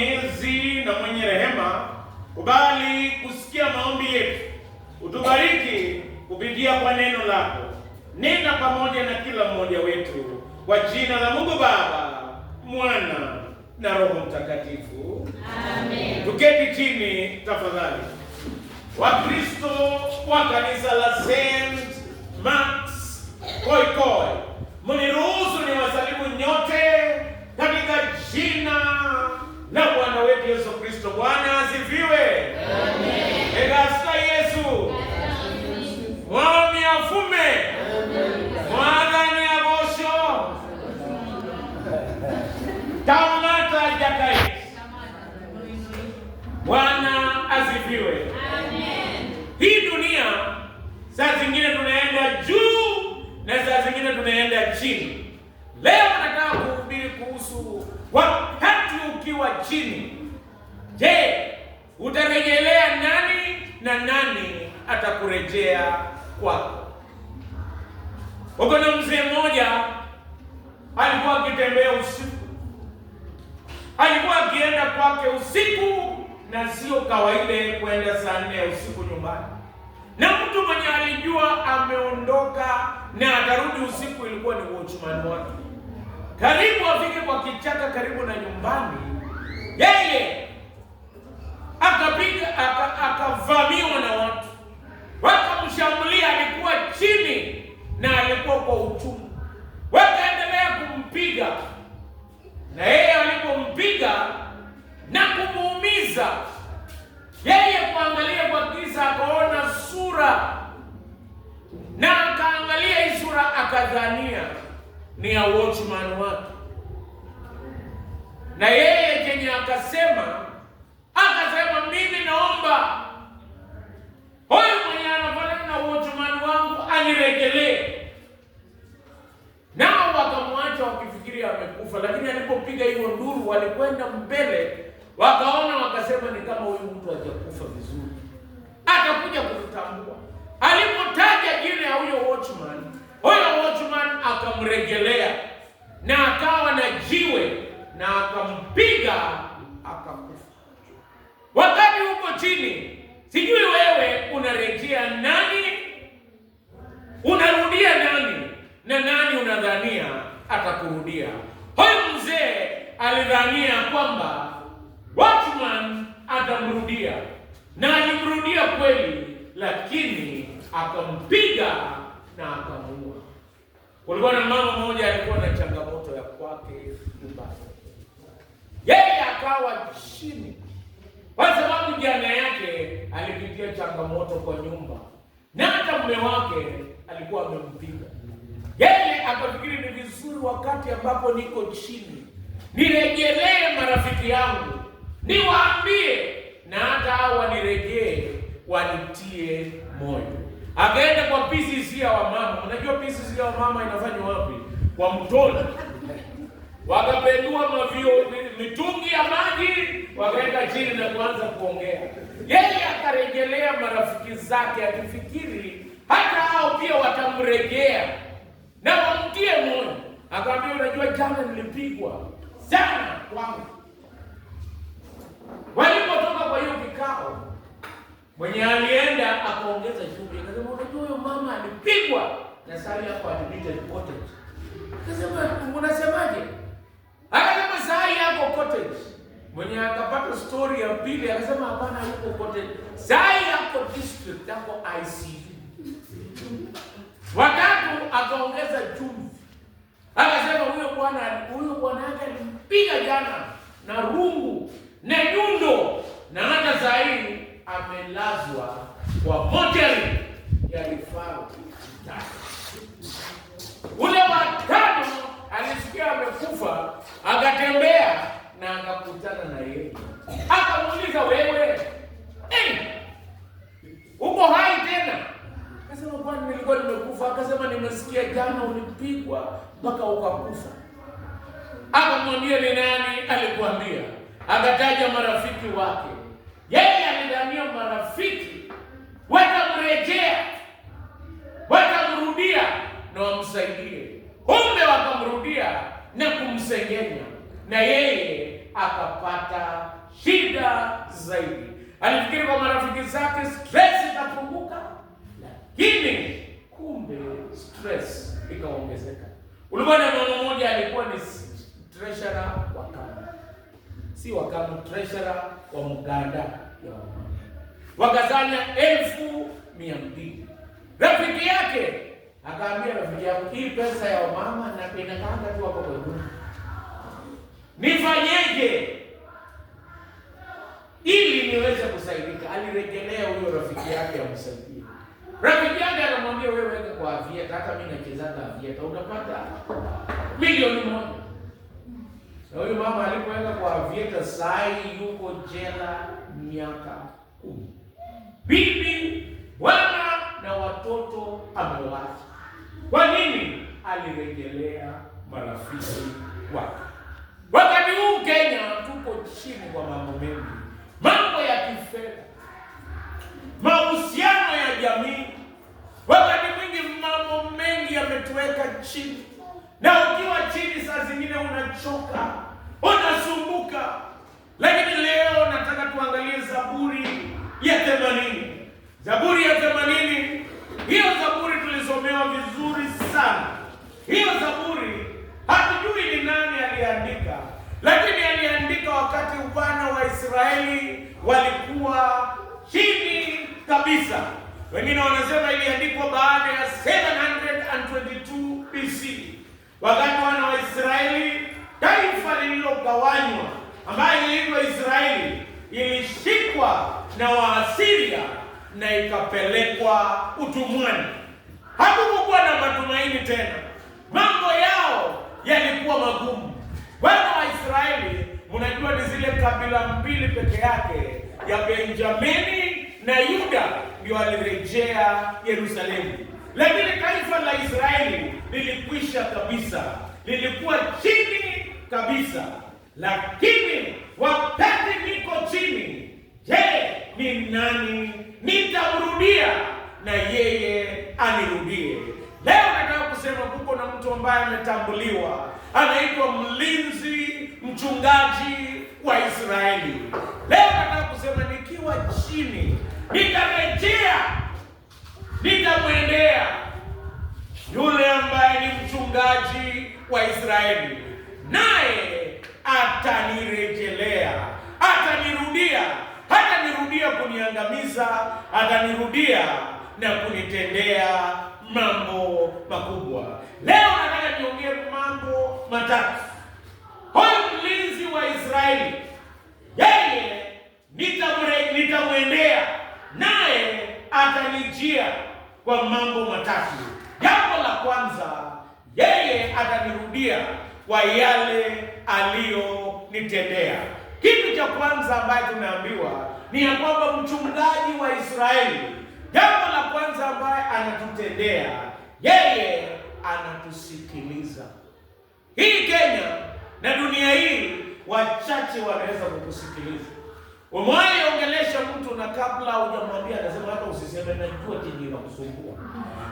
mwenyezi na mwenye rehema, kubali kusikia maombi yetu, utubariki kupitia kwa neno lako. Nena pamoja na kila mmoja wetu, kwa jina la Mungu Baba, Mwana na Roho Mtakatifu, amen. Tuketi chini tafadhali. Wakristo wa kanisa la Saint Max Koikoi, mniruhusu wasalimu nyote katika jina na Bwana wetu Yesu Kristo. Bwana asifiwe. Egasta Yesu Wao afume mwadhani abosho tamata Bwana asifiwe. Hii dunia saa zingine tunaenda juu na saa zingine tunaenda chini. Leo nataka kuhubiri kuhusu ukiwa chini, je, utarejelea nani na nani atakurejea kwako? Ukona mzee mmoja alikuwa akitembea usiku, alikuwa akienda kwake usiku, na sio kawaida kwenda saa nne ya usiku nyumbani. Na mtu mwenye alijua ameondoka na atarudi usiku, ilikuwa ni wachumani wake karibu afike kwa kichaka karibu na nyumbani, yeye akapiga akavamiwa watchman, huyo watchman akamregelea na akawa na jiwe na akampiga akakufa. Wakati huko chini, sijui wewe unarejea nani, unarudia nani na nani unadhania atakurudia. Huyu mzee alidhania kwamba watchman atamrudia na alimrudia kweli, lakini akampiga na akamuua. Kulikuwa na mama mmoja alikuwa na changamoto ya kwake nyumbani, yeye akawa chini kwa sababu jana yake alipitia changamoto kwa nyumba, na hata mume wake alikuwa amempiga. Yeye akafikiri ni vizuri, wakati ambapo niko chini nirejelee marafiki yangu, niwaambie na hata hao wanirejee, wanitie moyo. Akaenda kwa PCC ya wamama. Unajua PCC ya wamama inafanywa wapi? Kwa Mtoni. Wakapendua mavio mitungi ya maji, wakaenda chini na kuanza kuongea. Yeye akarejelea marafiki zake akifikiri hata hao pia watamrejea na wamtie moyo. Akaambia, unajua jana nilipigwa sana kwangu. Walipotoka kwa hiyo kikao Mwenye alienda akaongeza shughuli, akasema unajua, huyo mama alipigwa na sari yako admitted cottage. Akasema unasemaje? Akasema sari yako cottage. Mwenye akapata story ya pili akasema hapana, yuko cottage, sari yako district yako ICU. Watatu akaongeza chumvi, akasema huyo bwana, huyo bwana yake alimpiga jana na rungu na nyundo na hata sahii amelazwa kwa hoteli ya vifaru ule watano alisikia amekufa, akatembea na akakutana na yeye, akamuuliza wewe, hey, eh, uko hai tena? Akasema kwani nilikuwa nimekufa. Akasema nimesikia jana ulipigwa mpaka ukakufa. Akamwambia ni nani alikuambia, akataja marafiki wake yeye ndio marafiki weka mrudia na wamsaidie, kumbe wakamrudia na kumsengenya, na yeye akapata shida zaidi. Alifikiri kwa marafiki zake stress itapunguka, lakini kumbe stress ikaongezeka. Ulikuwa na mama mmoja alikuwa ni treasurer wa si wa Kano, treasurer wa Muganda ya wakazanya elfu mia mbili. Rafiki yake akaambia rafiki yangu, hii pesa ya wamama na inakaanga tu hapo kwa nyumba, nifanyeje ili niweze kusaidika? Alirejelea huyo rafiki yake amsaidie. Rafiki yake anamwambia, wewe weke kwa avieta, hata mi nachezaga avieta unapata milioni moja. Na huyu mama alipoweka kwa avieta, sai yuko jela miaka kumi. Bibi wana na watoto amewacha. Kwa nini? Alirejelea marafiki wake. Wakati huu Kenya tuko chini kwa mambo mengi, mambo ya kifedha, mahusiano ya jamii. Wakati mwingi mambo mengi yametuweka chini, na ukiwa chini saa zingine unachoka, unasumbuka lakini leo nataka tuangalie Zaburi ya themanini, Zaburi ya themanini. Hiyo Zaburi tulisomewa vizuri sana. Hiyo Zaburi hatujui ni nani aliandika, lakini aliandika wakati wana wa Israeli walikuwa chini kabisa. Wengine wanasema iliandikwa baada ya 722 BC, wakati wana wa Israeli, taifa lililogawanywa ambayo iliitwa Israeli ilishikwa na Waasiria na ikapelekwa utumwani. Hakukuwa na matumaini tena, mambo yao yalikuwa magumu. Wana wa Israeli, mnajua ni zile kabila mbili peke yake ya Benjamini na Yuda ndio walirejea Yerusalemu, lakini taifa la Israeli lilikwisha kabisa, lilikuwa chini kabisa lakini wakati niko chini, je, ni nani nitamrudia na yeye anirudie? Leo nataka kusema kuko na mtu ambaye ametambuliwa, anaitwa mlinzi, mchungaji wa Israeli. Leo nataka kusema nikiwa chini, nitarejea, nitamwendea yule ambaye ni mchungaji wa Israeli, naye atanirejelea, atanirudia, hatanirudia kuniangamiza, atanirudia na kunitendea mambo makubwa. Leo nataka niongee mambo matatu. Huyu mlinzi wa Israeli, yeye nitamwendea, naye atanijia kwa mambo matatu. Jambo la kwanza, yeye atanirudia kwa yale aliyonitendea. Kitu cha kwanza ambaye tumeambiwa ni ya kwamba mchungaji wa Israeli, jambo la kwanza ambaye anatutendea yeye, anatusikiliza. Hii Kenya na dunia hii wachache wanaweza kukusikiliza. Umewahi ongelesha mtu na kabla hujamwambia anasema hata usiseme, najua chenye inakusumbua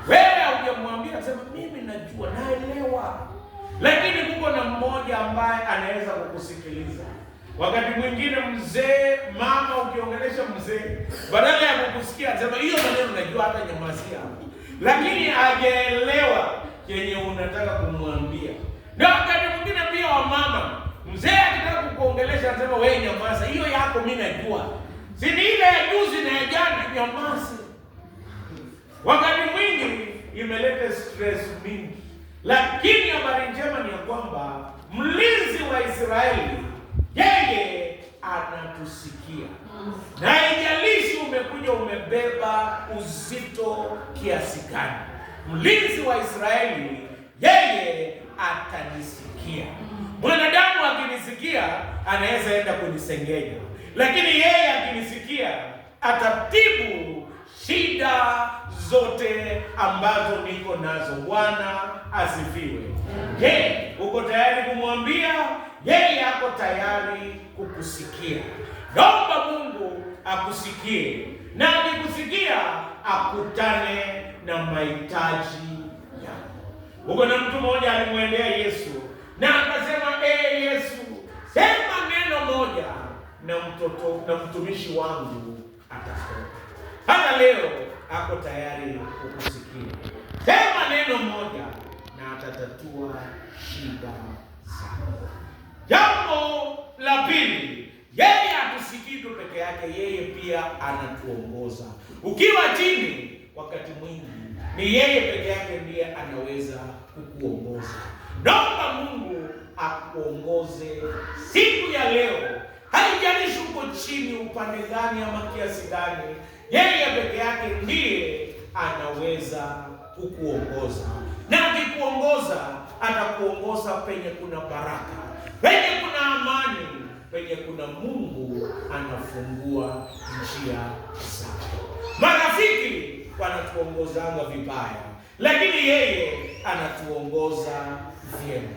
wewe. Hujamwambia anasema mimi najua, naelewa, lakini yuko na mmoja ambaye anaweza kukusikiliza. Wakati mwingine mzee, mama, ukiongelesha mzee, badala ya kukusikia sema hiyo maneno najua, hata nyamazia, lakini ajaelewa yenye unataka kumwambia. Na wakati mwingine pia wa mama, mzee akitaka kukuongelesha anasema wewe nyamaza, hiyo yako mimi najua, si ni ile ya juzi na ya jana, nyamaza. Wakati mwingi imeleta stress mingi lakini habari njema ni ya kwamba mlinzi wa Israeli yeye anatusikia, mm. na haijalishi umekuja umebeba uzito kiasi gani, mlinzi wa Israeli yeye atanisikia. Mm. Mwanadamu akinisikia anaweza enda kunisengenya, lakini yeye akinisikia atatibu shida zote ambazo niko nazo. Bwana asifiwe. Je, uko tayari kumwambia yeye? Ako tayari kukusikia. Naomba Mungu akusikie na akikusikia akutane na mahitaji yako. Huko na mtu mmoja alimwendea Yesu na akasema, ee Yesu, sema neno moja na mtoto na mtumishi wangu atatoka Hata leo ako tayari kukusikia. Sema neno moja atatatua shida zao. Jambo la pili, yeye hatusikidu peke yake, yeye pia anatuongoza. Ukiwa chini, wakati mwingi ni yeye peke yake ndiye anaweza kukuongoza. Naomba Mungu akuongoze siku ya leo, haijalishi uko chini upande gani ama kiasi gani, yeye peke yake ndiye anaweza kukuongoza na akikuongoza atakuongoza penye kuna baraka, penye kuna amani, penye kuna Mungu anafungua njia zake. Marafiki wanatuongozanga vibaya, lakini yeye anatuongoza vyema.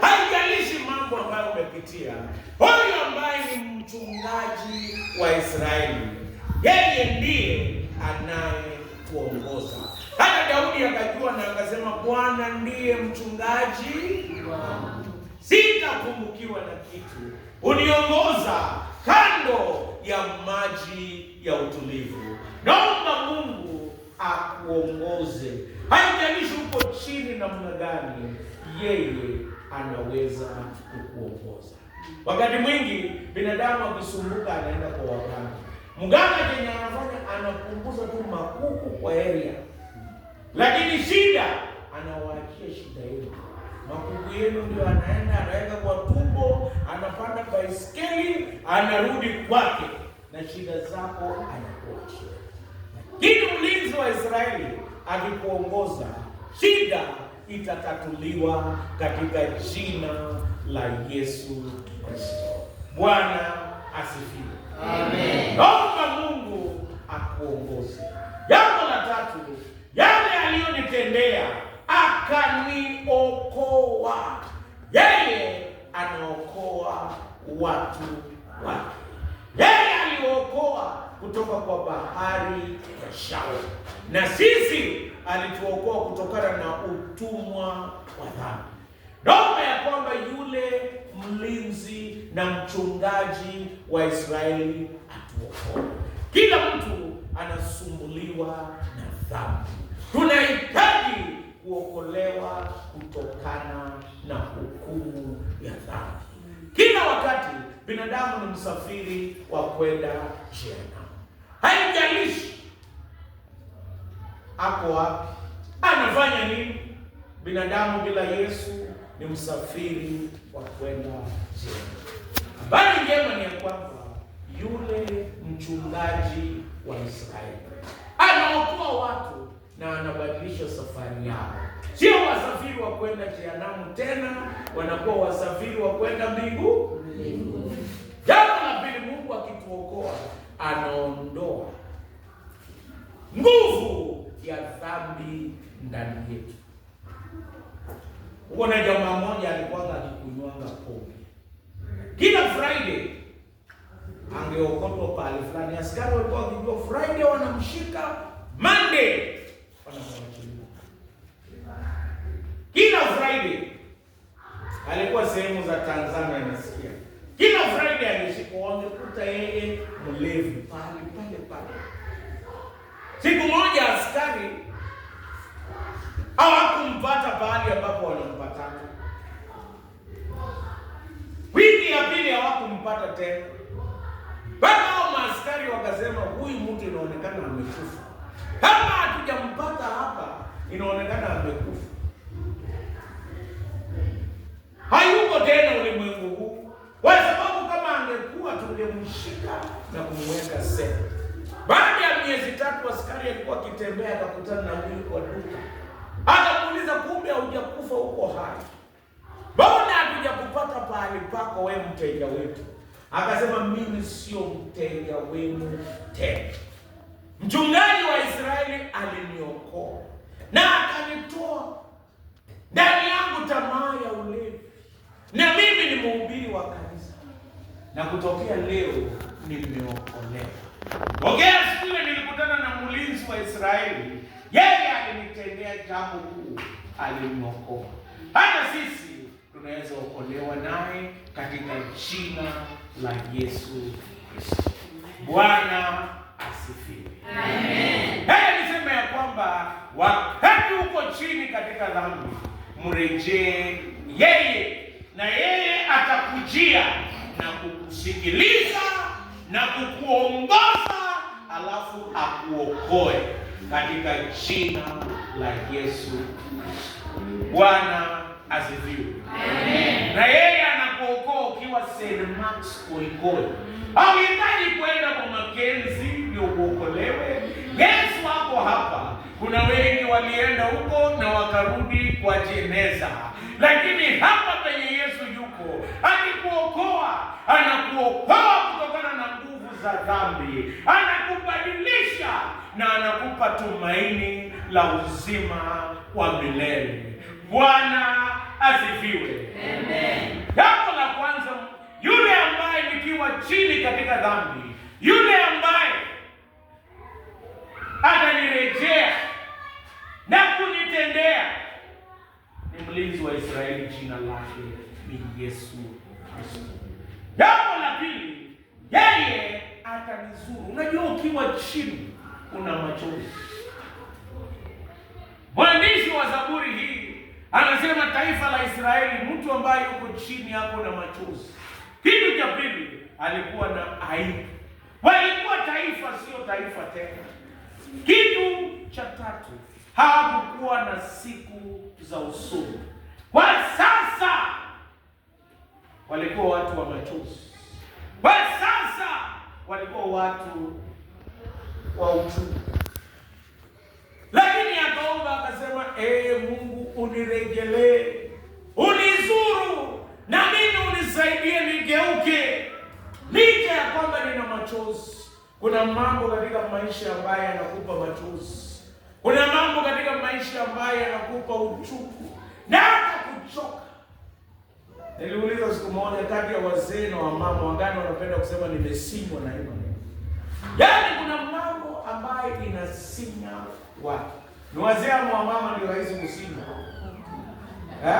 Haijalishi mambo ambayo umepitia, huyu ambaye ni mchungaji wa Israeli, yeye ndiye anayetuongoza. Hata Daudi akajua na akasema, Bwana ndiye mchungaji wangu, sitapungukiwa na kitu, uniongoza kando ya maji ya utulivu. Naomba Mungu akuongoze, haijalishi uko chini namna gani, yeye anaweza kukuongoza. Wakati mwingi binadamu akisumbuka anaenda kwa waganga. Mganga chenye anafanya anapunguza tu makuku kwa area lakini shida anawaachia shida yenu, makungu yenu ndio anaenda anaweka kwa tumbo, anapanda baiskeli anarudi kwake na shida zako anakuachia. Lakini mlinzi wa Israeli akikuongoza, shida itatatuliwa katika jina la Yesu Kristo. Bwana asifiwe. Amen. Naomba Mungu akuongoze. Jambo la tatu yale aliyonitendea, akaniokoa. Yeye anaokoa watu wake. Yeye aliokoa kutoka kwa bahari ya Shau, na sisi alituokoa kutokana na utumwa wa dhambi. Naomba ya kwamba yule mlinzi na mchungaji wa Israeli atuokoe. Kila mtu anasumbuliwa na dhambi. kutokana na hukumu ya dhambi. Kila wakati binadamu ni msafiri wa kwenda jehanamu, haijalishi ako wapi, anafanya nini. Binadamu bila Yesu ni msafiri wa kwenda jehanamu. Habari njema ni ya kwamba yule mchungaji wa Israeli anaokoa watu na wanabadilisha safari yao, sio wasafiri wa kwenda jehanamu tena, wanakuwa wasafiri wa kwenda mbingu. Jambo la pili, Mungu akituokoa anaondoa nguvu ya dhambi ndani yetu. Uko na jamaa moja alikuwa akikunywanga pombe kila Friday angeokotwa pale fulani, askari walikuwa wakijua Friday wanamshika Monday kila Friday alikuwa sehemu za Tanzania nasikia Kila Friday alishika wangekuta yeye mlevi pale pale pale. Siku moja askari hawakumpata pahali ambapo wanampata. Wiki ya pili hawakumpata tena. Baada hao maaskari wakasema huyu mtu inaonekana amekufa. Kama hatujampata hapa, inaonekana amekufa, hayuko tena ulimwengu huu, kwa sababu kama angekuwa tungemshika na kumweka sema. Baada ya miezi tatu, askari alikuwa akitembea akakutana na huyu kwa duka, akamuuliza, kumbe haujakufa, huko hai, mbona hatujakupata pahali pako, we mteja wetu? Akasema, mimi sio mteja wenu tena Mchungaji wa Israeli aliniokoa na akanitoa ndani yangu tamaa ya ulevi, na mimi ni mhubiri wa kanisa, na kutokea leo nimeokolewa. Ongea sikuwe, nilikutana na mlinzi wa Israeli, yeye alinitendea jambo kuu, aliniokoa. Hata sisi tunaweza okolewa naye katika jina la Yesu Kristo. Bwana asifiwe. Amen. Haya nisema ya kwamba wakati uko chini katika dhambi, mrejee yeye na yeye atakujia na kukusikiliza na kukuongoza, alafu akuokoe katika jina la Yesu Kristo. Bwana asifiwe. Na yeye anakuokoa ukiwa St. Marks Koikoi. hitaji kwenda kwa Makenzi ndio uokolewe. Yesu hapo hapa. Kuna wengi walienda huko na wakarudi kwa jeneza, lakini hapa penye Yesu yuko akikuokoa, anakuokoa kutokana na nguvu za dhambi, anakubadilisha na anakupa tumaini la uzima wa milele. Bwana asifiwe. Amen. Jambo la kwanza, yule ambaye nikiwa chini katika dhambi, yule ambaye atanirejea na kunitendea ni mlinzi wa Israeli, jina lake ni Yesu Kristo. Jambo la pili, yeye atanizuru. Unajua, ukiwa chini una machozi. Mwandishi wa Zaburi hii Anasema taifa la Israeli, mtu ambaye yuko chini hapo na machozi. Kitu cha pili, alikuwa na aibu. Walikuwa taifa, sio taifa tena. Kitu cha tatu, hawakuwa na siku za usuni. Kwa sasa walikuwa watu wa machozi, kwa sasa walikuwa watu wa uchungu, lakini akaomba akasema, ee Mungu unirejelee, unizuru na mimi unisaidie nigeuke, licha ya kwamba nina machozi. Kuna mambo katika maisha ambayo yanakupa machozi, kuna mambo katika maisha ambayo yanakupa uchuku na hata kuchoka. Niliuliza siku moja kati ya wazee na wamama, wangani wanapenda kusema nimesimwa na hiyo, yaani kuna mambo ambayo inasinya watu ni wazee ama wamama ndio rahisi kusinda eh?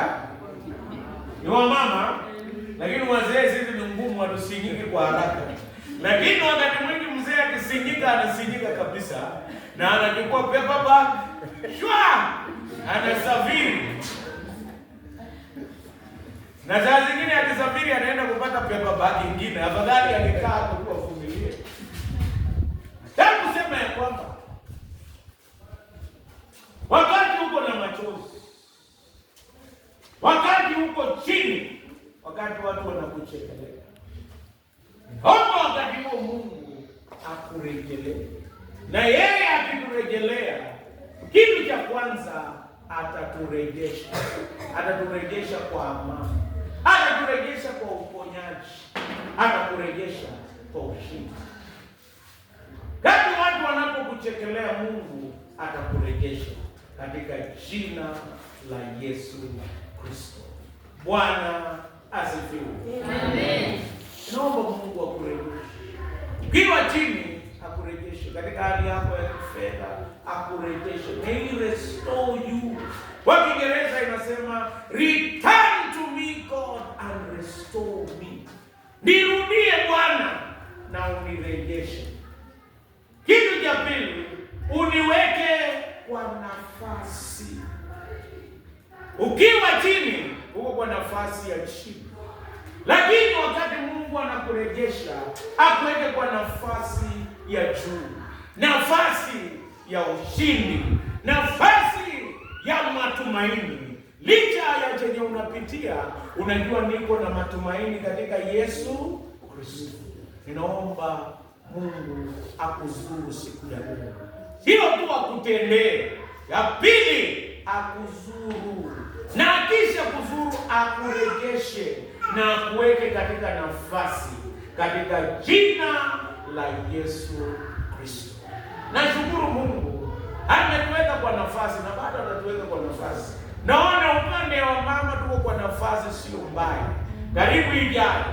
Ni wamama, lakini wazee sisi ni ngumu, hatusinyiki kwa haraka. Lakini wakati mwingi mzee akisinyika, anasinyika kabisa, na anachukua pepa ba shwa, anasafiri na saa zingine akisafiri anaenda kupata pepa ba ingine, afadhali angekaa tu kuwavumilia. Hebu sema ya kwamba wakati uko na machozi, wakati uko chini, wakati watu wanakuchekelea, naomba wakati huo Mungu akurejelee, na yeye akikurejelea, kitu cha kwanza ataturejesha, ataturejesha kwa amani, ataturejesha kwa uponyaji, atakurejesha kwa ushindi. Kati watu wanapokuchekelea, Mungu atakurejesha katika jina la Yesu Kristo. Bwana asifiwe. Amen. Naomba Mungu akurejeshe. Ukiwa chini akurejeshe, katika hali yako ya kifedha akurejeshe. May he restore you. Kwa Kiingereza inasema return to me God and restore me. Nirudie Bwana na unirejeshe. Kitu cha pili uniweke kwa nafasi. Ukiwa chini uko kwa nafasi ya chini, lakini wakati Mungu anakurejesha akuweke kwa nafasi ya juu, nafasi ya ushindi, nafasi ya matumaini. Licha ya chenye unapitia, unajua niko na matumaini katika Yesu Kristo. Ninaomba Mungu akuzuru siku ya leo hilo tu akutendee. Ya pili akuzuru, na akisha kuzuru akurejeshe na akuweke katika nafasi, katika jina la Yesu Kristo. Nashukuru Mungu ametuweka kwa nafasi na bado anatuweka kwa nafasi. Naona upande wa mama tuko kwa nafasi sio mbaya, karibu ijayo.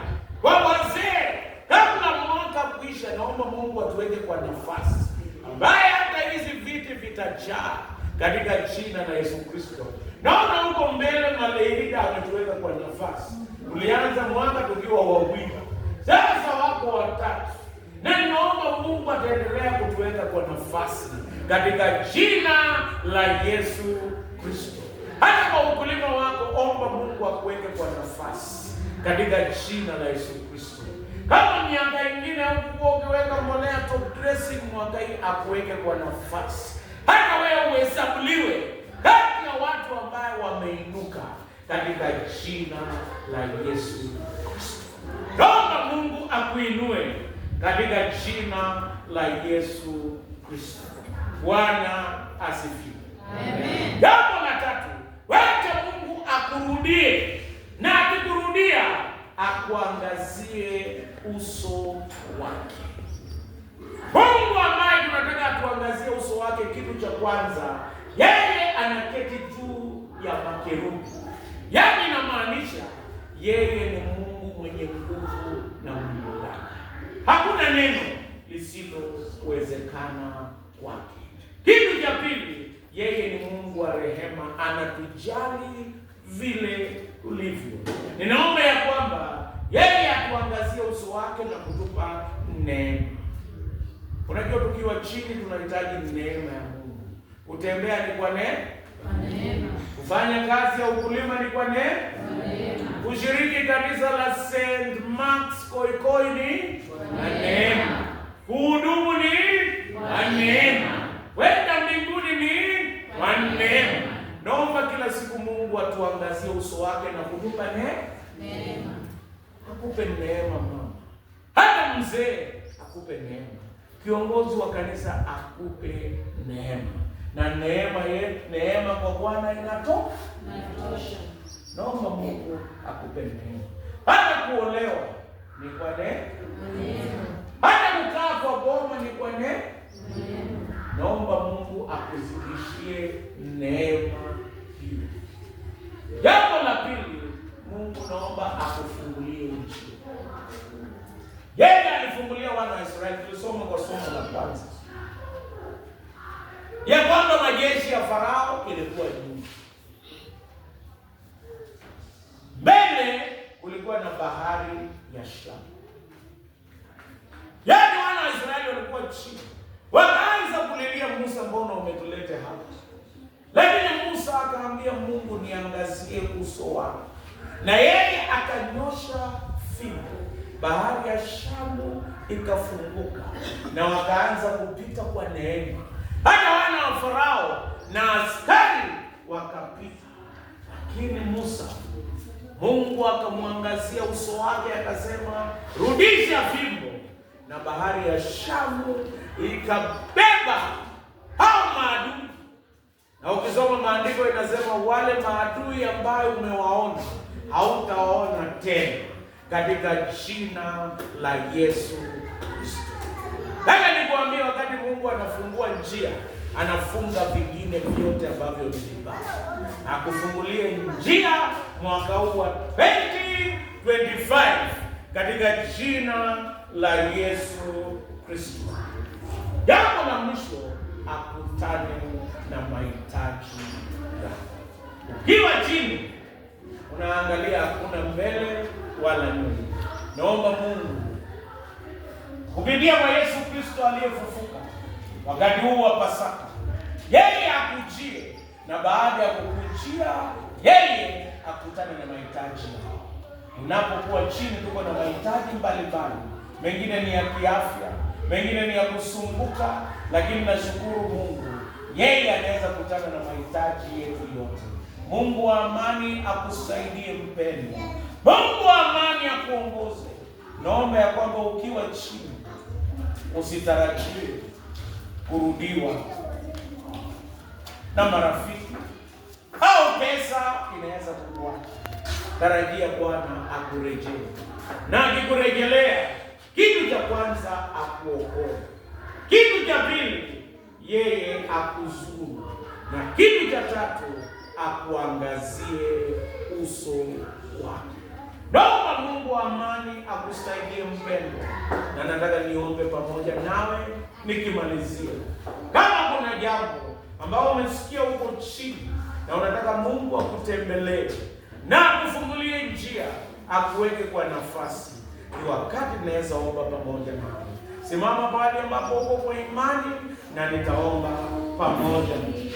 Kwa wazee, kabla mwaka kuisha, naomba Mungu atuweke kwa nafasi ambaye hizi viti vitajaa katika jina la Yesu Kristo. Naona huko mbele Maleirida ametuweka kwa nafasi. Tulianza mwaka tukiwa wawili, sasa wako watatu, na ninaomba Mungu ataendelea kutuweka kwa nafasi katika jina la Yesu Kristo. Hata kwa ukulima wako, omba Mungu akuweke kwa nafasi katika jina la Yesu kama miaka ingine hukuwa ukiweka mbolea top dressing, mwaka akuweke kwa nafasi, hata wewe uhesabuliwe kati ya watu ambao wameinuka katika jina la Yesu Kristo. Naomba Mungu akuinue katika jina la Yesu Kristo. Bwana asifiwe. Amen. Jambo la tatu, wacha Mungu akurudie na akikurudia akuangazie uso wake. Mungu ambaye tunataka tuangazie uso wake, kitu cha kwanza, yeye anaketi juu ya makerubi, yaani inamaanisha yeye ni Mungu mwenye nguvu na uliodana, hakuna neno lisilowezekana kwake. Kitu cha pili, yeye ni Mungu wa rehema, anatujali vile tulivyo. Ninaomba ya kwamba yeye atuangazie uso wake na kutupa neema. Unajua, tukiwa chini tunahitaji neema ya Mungu. Kutembea ni kwa neema, kufanya kazi ya ukulima ni kwa neema, kushiriki kanisa la St. Mark's Koikoi ni kwa neema, kuhudumu ni kwa neema, kwenda mbinguni ni kwa neema. Naomba kila siku Mungu atuangazie uso wake na kutupa neema akupe neema mama, hata mzee akupe neema, kiongozi wa kanisa akupe neema. Na neema ye, neema kwa Bwana inato inatosha. Naomba Mungu akupe neema. Hata kuolewa ni kwa neema, hata kukaa kwa boma ni kwa neema. Naomba Mungu akuzidishie neema hiyo. tumesoma kwa somo la kwanza ya kwamba majeshi ya Farao ilikuwa nyuma, mbele kulikuwa na bahari ya Shamu, yaani wana wa Israeli walikuwa chini, wakaanza kulilia Musa, mbona umetulete hapa? Lakini Musa akaambia Mungu, niangazie uso wako, na yeye akanyosha fimbo, bahari ya Shamu ikafunguka na wakaanza kupita kwa neema, hata wana wa Farao na askari wakapita, lakini Musa Mungu akamwangazia uso wake, akasema rudisha fimbo, na bahari ya Shamu ikabeba hao maadui. Na ukisoma maandiko inasema wale maadui ambayo umewaona hautawaona tena, katika jina la Yesu. Mungu anafungua njia, anafunga vingine vyote ambavyo ni vibaya. Akufungulie njia mwaka huu wa 2025 katika jina la Yesu Kristo. Jambo la mwisho, akutane na mahitaji yako. Ukiwa chini unaangalia, hakuna mbele wala nyuma, naomba Mungu kupitia kwa Yesu Kristo aliyefufuka wakati huu wa Pasaka, yeye akujie, na baada ya kukujia yeye akutane na mahitaji yao. Unapokuwa chini, tuko na mahitaji mbalimbali, mengine ni ya kiafya, mengine ni ya kusumbuka, lakini nashukuru Mungu, yeye anaweza kutana na mahitaji yetu yote. Mungu wa amani akusaidie mpendwa, Mungu wa amani akuongoze. Naomba ya kwamba ukiwa chini usitarajie kurudiwa na marafiki au pesa inaweza kuwa. Tarajia Bwana akurejelee, na akikurejelea, kitu cha kwanza akuokoe, kitu cha pili yeye akuzuru, na kitu cha tatu akuangazie uso wake. Naomba Mungu wa amani akusaidie mpendo, na nataka niombe pamoja nawe nikimalizia, kama kuna jambo ambao umesikia huko chini na unataka Mungu akutembelee na akufungulie njia, akuweke kwa nafasi, ni wakati naweza omba pamoja na Simama pale ambapo uko kwa imani, na nitaomba pamoja.